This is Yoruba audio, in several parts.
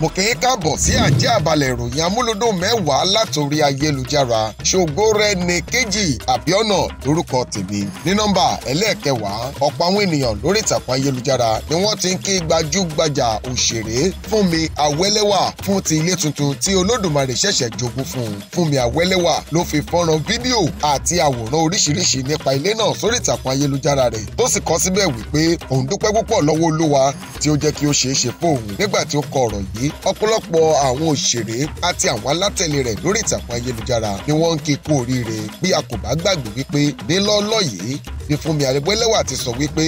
mo kì í káàbọ̀ sí àjẹ́ àbálẹ̀ ìròyìn amúlòdùn mẹ́wàá látòrí ayélujára ṣògo rẹ ní kejì àbíọ́nà lórúkọ tèmi ní nọ́mbà ẹlẹ́ẹ̀kẹwàá ọ̀pọ̀ àwọn ènìyàn lórí ìtàkùn ayélujára ni wọ́n ti ń kí gbajúgbajà òṣèré Fúnmi Awẹ́lẹ́wà fún ti ilé tuntun tí Olódùmarè ṣẹ̀ṣẹ̀ jogún fún un Fúnmi Awẹ́lẹ́wà ló fi fọ́nrán fídíò àti àwòrán oríṣiríṣi nípa ilé náà sórí ìtàkùn ayélujára rẹ̀ tó sì kọ síbẹ̀ wípé òun dúpẹ́ púpọ̀ lọ́wọ́ Olúwa tí ó jẹ́ kí ó ṣeé fóun nígbà tí ó kọ ọ̀rọ̀ yìí ọ̀pọ̀lọpọ̀ àwọn òṣèré àti àwọn alátẹ̀lé rẹ̀ lórí ìtàkùn ayélujára ni wọ́n ń kí kú oríire bí a kò bá gbàgbé wípé nílọ́ọ̀lọ́ yìí ni Fúnmi Arẹgbẹ́lẹ́wà ti sọ wípé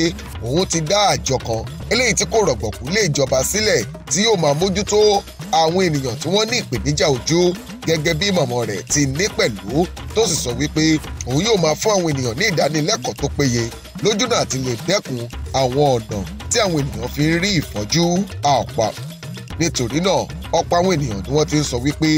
òun ti dá àjọ kan eléyìí tí kò rọ̀gbọ̀kú lé ìjọba sílẹ̀ tí yóò máa mójútó àwọn ènìyàn tí wọ́n ní ìpèníjà ojú gẹ́gẹ́ bí mọ̀mọ́ rẹ̀ ti ní pẹ̀lú tó sì sọ wípé òun yóò máa fún àwọn ènìyàn ní ìdánilẹ́kọ̀ọ́ tó péye lójúnà àti lè dẹ́kun àwọn ọ̀nà tí àwọn ènìyàn fi ń rí ìfọ́jú àpapọ̀ nítorí náà ọ̀pọ̀ àwọn ènìyàn ni wọ́n ti ń sọ wípé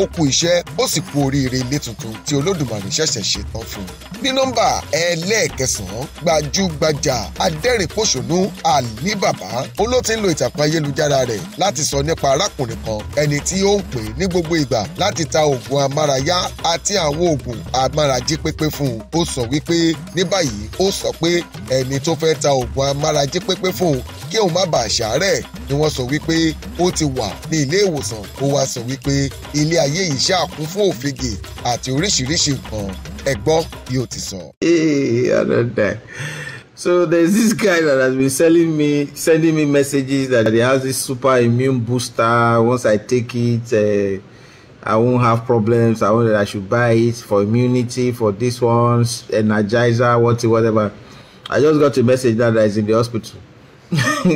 ó kú iṣẹ́ ó sì kú oríire ilé tuntun tí olódùmarè ṣẹ̀ṣẹ̀ ṣe tán fún un ní nọ́mbà ẹlẹ́ẹ̀kẹsàn-án gbajúgbajà adẹ́rìnpòṣónú àlí bàbá olóòtú ń lo ìtàkùn ayélujára rẹ̀ láti sọ nípa arákùnrin kan ẹni tí ó ń pè ní gbogbo ìgbà láti ta oògùn amárayá àti àwọn oògùn amárají pépé fún un ó sọ wípé ní báyìí ó sọ pé ẹni tó fẹ́ ta oògùn amárají pépé fún un kí òun má bàa ṣàárẹ̀ ni wọ́n sọ wípé ó ti wà ní ilé ìwòsàn ó wá sọ wípé ilé ayé yìí ṣáà fún òfegè àti oríṣiríṣi nǹkan ẹ bí ó ti sọ. ee ọ̀dọ̀dà So there's this guy that has been selling me, sending me messages that he has this super immune booster. Once I take it, uh, I won't have problems. I want I should buy it for immunity for this one, energizer, what whatever. I just got a message that is in the hospital. Dude, I'm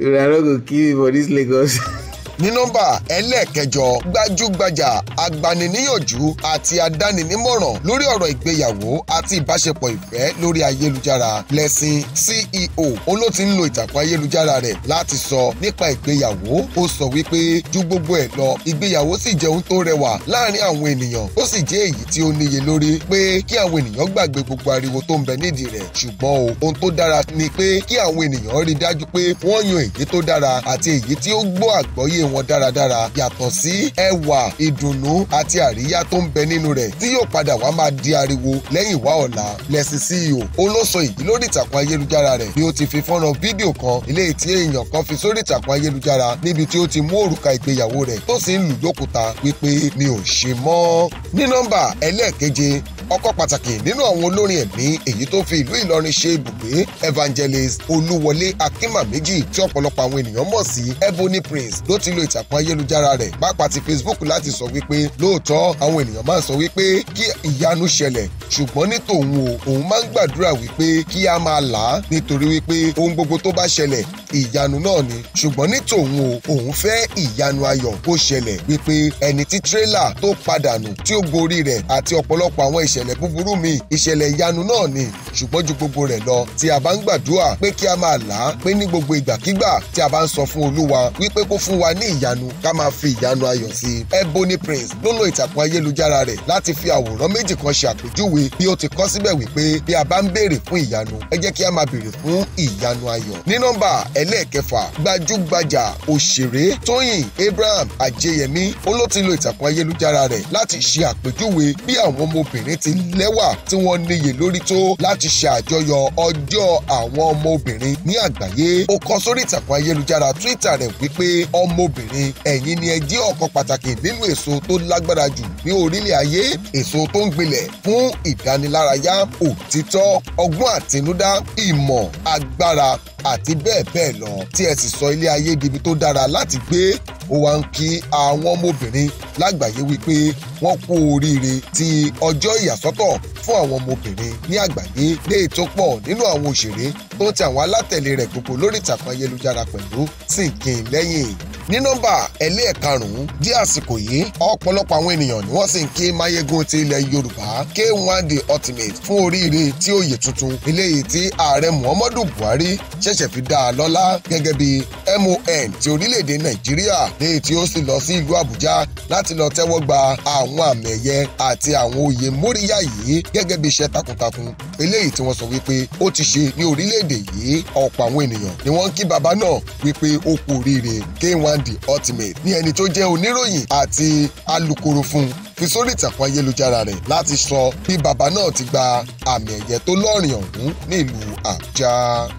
not gonna kill for this Legos. ní nọ́mbà ẹlẹ́ẹ̀kẹjọ gbajúgbajà agbaniníyànjú àti adáninímọ̀ràn lórí ọ̀rọ̀ ìgbéyàwó àti ìbáṣepọ̀ ìfẹ́ lórí ayélujára Blessing CEO olóòtú ń lo ìtàkùn ayélujára rẹ̀ láti sọ nípa ìgbéyàwó ó sọ wípé ju gbogbo ẹ̀ lọ ìgbéyàwó sì jẹ́ ohun tó rẹwà láàárín àwọn ènìyàn ó sì jẹ́ èyí tí ó níye lórí pé kí àwọn ènìyàn gbàgbé gbogbo ariwo tó ń bẹ nídìí rẹ̀ ṣùgbọ́n o ohun tó dára ni pé kí àwọn ènìyàn rí dájú pé wọ́n yan èyí tó dára àti èyí tí ó gbọ́ àgbọ́yé wọn dáradára yàtọ̀ sí ẹwà ìdùnnú àti àríyá tó ń bẹ nínú rẹ̀ tí yóò padà wá máa di ariwo lẹ́yìn wá ọ̀la lẹ́sìn ceo ó ló sọ èyí lórí ìtàkùn ayélujára rẹ̀ bí ó ti fi fọ́nrán fídíò kan eléyìí tí èèyàn kan fi sórí ìtàkùn ayélujára níbi tí ó ti mú òrùka ìgbéyàwó rẹ̀ tó sì ń lù lókùúta wípé mi ò ṣe mọ́ ní nọ́mbà ẹlẹ́ẹ̀keje ọkọ̀ pàtàkì nínú àwọn olórin ẹ̀mí èyí tó fi ìlú Ìlọrin ṣe ibùgbé Evangelist Olúwọlé Akínmàméjì tí ọ̀pọ̀lọpọ̀ àwọn ènìyàn mọ̀ sí Ebony Prince ló ti lo ìtàkùn ayélujára rẹ̀ pàápàá ti Facebook láti sọ wípé lóòótọ́ àwọn ènìyàn máa ń sọ wípé kí ìyanu ṣẹlẹ̀ ṣùgbọ́n ní tòun o òun máa ń gbàdúrà wípé kí a máa là á nítorí wípé ohun gbogbo tó bá ṣẹlẹ̀ ìyanu náà ni ṣùgbọ́n ní tòun o òun fẹ́ ìyanu ayọ̀ kó ṣẹlẹ̀ wípé ẹni tí tírélà tó padànù tí ó gorí rẹ̀ àti ọ̀pọ̀lọpọ̀ àwọn ìṣ ìṣẹ̀lẹ̀ búburú mi ìṣẹ̀lẹ̀ ìyanu náà ni ṣùgbọ́n ju gbogbo rẹ̀ lọ tí a bá ń gbàdúrà pé kí a máa là á pé ní gbogbo ìgbàkígbà tí a bá ń sọ fún olúwa wípé kó fún wa ní ìyanu ká máa fi ìyanu ayọ̀ sí i. Ebony Prince ló lo ìtàkùn ayélujára rẹ̀ láti fi àwòrán méjì kan ṣe àpèjúwe bí ó ti kọ síbẹ̀ wípé bí a bá ń béèrè fún ìyanu ẹ jẹ́ kí a máa béèrè fún ìyanu ayọ̀. ní nọ́mbà ẹlẹ́ẹ̀kẹfà gbajúgbajà òṣèré Tóyìn Abraham Ajéyẹmí ó ló ti lo ìtàkùn ayélujára rẹ̀ láti ṣe àpèjúwe bí àwọn ọmọbìnrin tí lẹ́wà tí wọ́n níyè lórí tó láti ṣe àjọyọ̀ ọjọ́ àwọn ọmọ obìnrin ní àgbáyé ó kọ sórí ìtàkùn ayélujára Twitter rẹ̀ wípé ọmọbìnrin ẹ̀yin ni ẹ jẹ́ ọ̀kan pàtàkì nínú èso tó lágbára jù ní orílẹ̀ ayé èso tó ń gbilẹ̀ fún ìdánilárayá òtítọ́ ọgbọ́n àtinúdá ìmọ̀ agbára àti bẹ́ẹ̀ bẹ́ẹ̀ lọ tí ẹ sì sọ ilé ayé dibi tó dára láti gbé ó wá ń kí àwọn ọmọbìnrin lágbàáyé wípé wọ́n kú oríire ti ọjọ́ ìyàwó ìyàsọ́tọ̀ fún àwọn ọmọbìnrin ní àgbáyé lé ètò pọ̀ nínú àwọn òṣèré tó ń ti àwọn alátẹ̀lé rẹ̀ gbogbo lórí ìtàkùn ayélujára pẹ̀lú sì ń lẹ́yìn ní nọ́mbà ẹlẹ́ẹ̀karùn-ún di àsìkò yìí ọ̀pọ̀lọpọ̀ àwọn ènìyàn ni wọ́n sì ń ké máyégún ti ilẹ̀ Yorùbá K1 the ultimate fún oríire tí oyè tuntun eléyìí tí ààrẹ Muhammadu Buhari ṣẹ̀ṣẹ̀ fi dá a lọ́lá gẹ́gẹ́ bí MON ti orílẹ̀-èdè Nàìjíríà léyìí tí ó sì lọ sí ìlú Àbújá láti lọ tẹ́wọ́ gba àwọn àmì ẹ̀yẹ àti àwọn oyè móríyá yìí gẹ́gẹ́ bí iṣẹ́ takuntakun eléyìí tí wọ́n sọ wípé ó ti ṣe ní orílẹ̀-èdè yìí ọ̀pọ̀ àwọn ènìyàn ni wọ́n ń kí bàbá náà wípé ó kú oríire K1 the Ultimate ní ẹni tó jẹ́ oníròyìn àti alukoro fún fi sórí ìtàkùn ayélujára rẹ̀ láti sọ bí bàbá náà ti gba àmì ẹ̀yẹ tó lọ́rìn ọ̀hún ní ìlú Àbújá.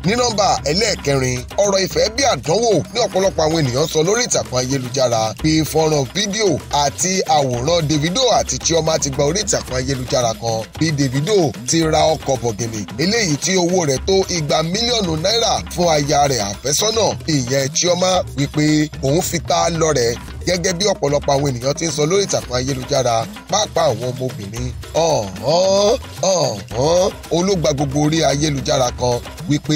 ní nọ́mbà ẹlẹ́ẹ̀kẹrin ọ̀rọ̀ ìfẹ́ bí àdánwò ní ọ̀pọ̀lọpọ̀ àwọn ènìyàn sọ lórí ìtàkùn ayélujára pé fọ́nrán fídíò àti àwòrán Davido àti Chioma ti gba orí ìtàkùn ayélujára kan bí Davido ti ra ọkọ̀ bọ̀gìnì eléyìí tí owó rẹ̀ tó igba mílíọ̀nù náírà fún aya rẹ̀ àfẹ́sọ́nà ìyẹn Chioma wípé òun fi ta lọ́rẹ̀ gẹ́gẹ́ bí ọ̀pọ̀lọpọ̀ àwọn ènìyàn ti ń sọ lórí ìtàkùn ayélujára pàápàá àwọn ọmọbìnrin ọ̀hán ọ̀hán ológba gbogbo orí ayélujára kan wípé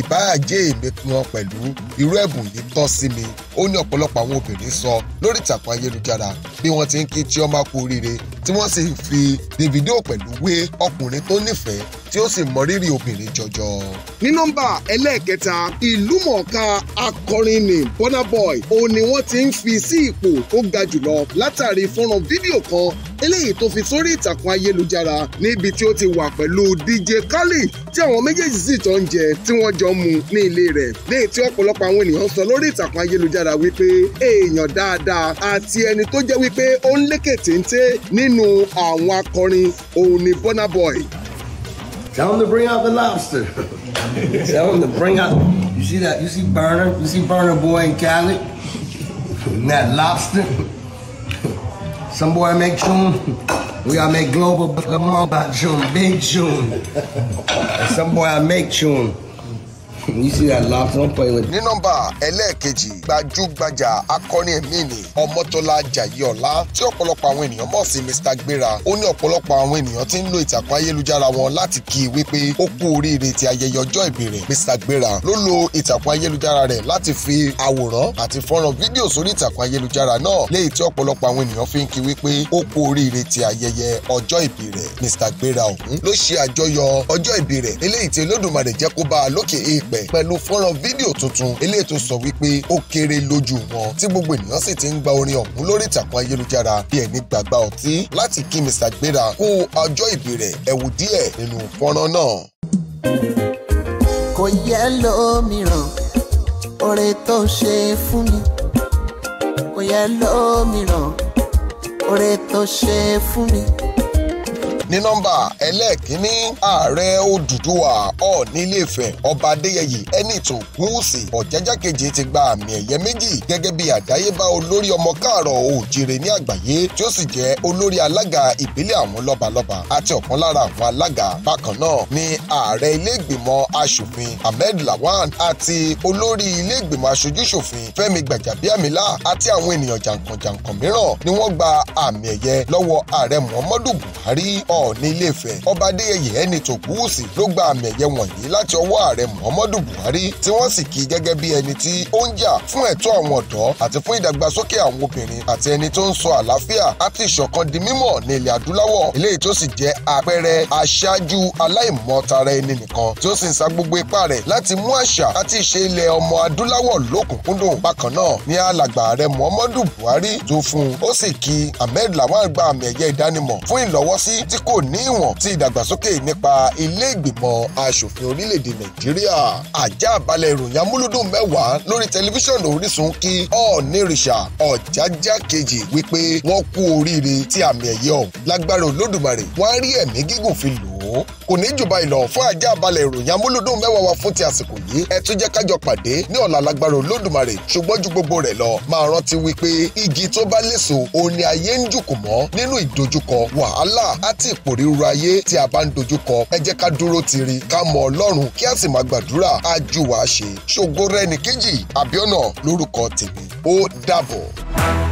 ìbáàjẹ́ èmi kan pẹ̀lú irú ẹ̀bùn yìí tọ́ sí mi ó ní ọ̀pọ̀lọpọ̀ àwọn obìnrin sọ lórí ìtàkùn ayélujára bí wọ́n ti ń kí Chioma kú oríire tí wọ́n sì fi Davido pẹ̀lú wé ọkùnrin tó nífẹ̀ẹ́ tí ó sì mọrírì obìnrin jọjọ. ní nọ́mbà ẹlẹ́ẹ̀kẹta ìlúmọ̀ọ́ká akọrin ni Burna Boy òun ni wọ́n ti ń fi sí ipò tó ga jùlọ látàrí fọ́nrán fídíò kan eléyìí tó fi sórí ìtàkùn ayélujára níbi tí ó ti wà pẹ̀lú DJ Khaled tí àwọn méjèèjì sì tó ń jẹ tí wọ́n jọ mu ní ilé rẹ̀ léyìí tí ọ̀pọ̀lọpọ̀ àwọn ènìyàn sọ lórí ìtàkùn ayélujára wípé èèyàn dáadáa àti ẹni tó jẹ́ wípé ó ń lékè téńté nínú àwọn akọrin òun ni Burna Boy Tell him to bring out the lobster. Tell him to bring out. You see that? You see Burner? You see Burner Boy in Cali? And that lobster? Some boy make tune. We gotta make global. Come on, about tune, big tune. Some boy I make tune. Yísírì Aláfọ́n pẹ̀lú. ní nọ́mbà ẹlẹ́ẹ̀kejì gbajúgbajà akọni ẹ̀mí ni Ọmọ́tọ́lá Jàyé Ọlá tí ọ̀pọ̀lọpọ̀ àwọn ènìyàn mọ̀ sí Mr Gbéra ó ní ọ̀pọ̀lọpọ̀ àwọn ènìyàn tí ń lo ìtàkùn ayélujára wọn láti kí i wípé ó kú oríire ti ayẹyẹ ọjọ́ ìbí Mr Gbéra ló lo ìtàkùn ayélujára rẹ̀ láti fi àwòrán àti fọ́nrán fídíò sórí ìtàkùn ayélujára náà léyìí tí ọ̀pọ̀lọpọ̀ àwọn ènìyàn fi ń kí wípé ó kú oríire ti Mr Gbéra ọ̀hún ló ṣe àjọyọ̀ ọjọ́ ìbí rẹ̀ eléyìí tí Olódùmarè jẹ́ kó bá pẹ̀lú fọ́nrán fídíò tuntun eléyìí tó sọ wípé ó kéré lójú wọn tí gbogbo ènìyàn sì ti ń gba orin ọ̀hún lórí ìtàkùn ayélujára bí ẹni gbàgbà ọtí láti kí Mr Gbéra kú ọjọ́ ìbí rẹ̀ díẹ̀ nínú fọ́nrán náà. kò yẹ lómìíràn oore tó ṣe fún mi kò yẹ lómìíràn oore tó ṣe fún mi ní nọ́mbà ẹlẹ́ẹ̀kínní ààrẹ Odùduwà Ọọ̀ni Ilé-Ifẹ̀ ọba Adéyẹyè Ẹnìtàn Ògúnwùsì Ọ̀jájá kejì ti gba àmì ẹ̀yẹ méjì gẹ́gẹ́ bí àdáyébá olórí ọmọ káàrọ̀ oòjíire ní àgbáyé tí ó sì jẹ́ olórí alága ìbílẹ̀ àwọn lọ́balọ́ba àti ọ̀kan lára àwọn alága bákan náà ni ààrẹ ilé-ìgbìmọ̀ asòfin Ahmed Lawan àti olórí ilé-ìgbìmọ̀ aṣojú-ṣòfin Fẹ́mi Gbàjàbíàmílà àti àwọn ènìyàn jàǹkànjàǹkàn mìíràn ni wọ́n gba àmì ẹ̀yẹ lọ́wọ́ ààrẹ Muhammadu ọọ̀ni ilé-ifẹ̀ ọba adéyẹyè ẹni tòkúwùsì ló gba àmì ẹ̀yẹ wọ̀nyí láti ọwọ́ ààrẹ muhammadu buhari tí wọ́n sì kí gẹ́gẹ́ bí ẹni tí ó ń jà fún ẹ̀tọ́ àwọn ọ̀dọ́ àti fún ìdàgbàsókè àwọn obìnrin àti ẹni tó ń sọ àlàáfíà àti ìṣọ̀kan di mímọ̀ ní ilẹ̀ adúláwọ̀ eléyìí tó sì jẹ́ àpẹẹrẹ aṣáájú aláìmọ̀tara ẹni nìkan tí buhari tó fún un ó sì kí ahmed lawan gba àmì kò ní ìwọ̀n ti ìdàgbàsókè nípa ilé ìgbìmọ̀ asòfin orílẹ̀-èdè nàìjíríà àjá àbálẹ̀ ìròyìn amúlùdùn mẹ́wàá lórí tẹlifíṣàn orísun kí ọ̀ọ́nìrìṣà ọ̀jájá kejì wípé wọ́n kú oríire tí àmì ẹ̀yẹ ọ̀hún lágbára olódùmarè wọ́n á rí ẹ̀mí gígùn fi lò Èkó kò ní jù báyìí lọ fún ajá balẹ̀ ìròyìn amúlùdùn mẹ́wàá wa fún ti àsìkò yìí ẹ tún jẹ́ kájọ pàdé ní ọ̀la lágbára olódùmarè ṣùgbọ́n ju gbogbo rẹ̀ lọ máa rántí wípé igi tó bá léso òun ni ayé ń jùkù mọ́ nínú ìdojúkọ wàhálà àti ìpòrúurú ayé tí a bá ń dojúkọ ẹ jẹ́ ká dúró tiri ká mọ ọlọ́run kí a sì máa gbàdúrà á ju wàá ṣe ṣògo rẹ̀ nìkejì àbíọ́nà lórúkọ tèmi ó dàbọ̀.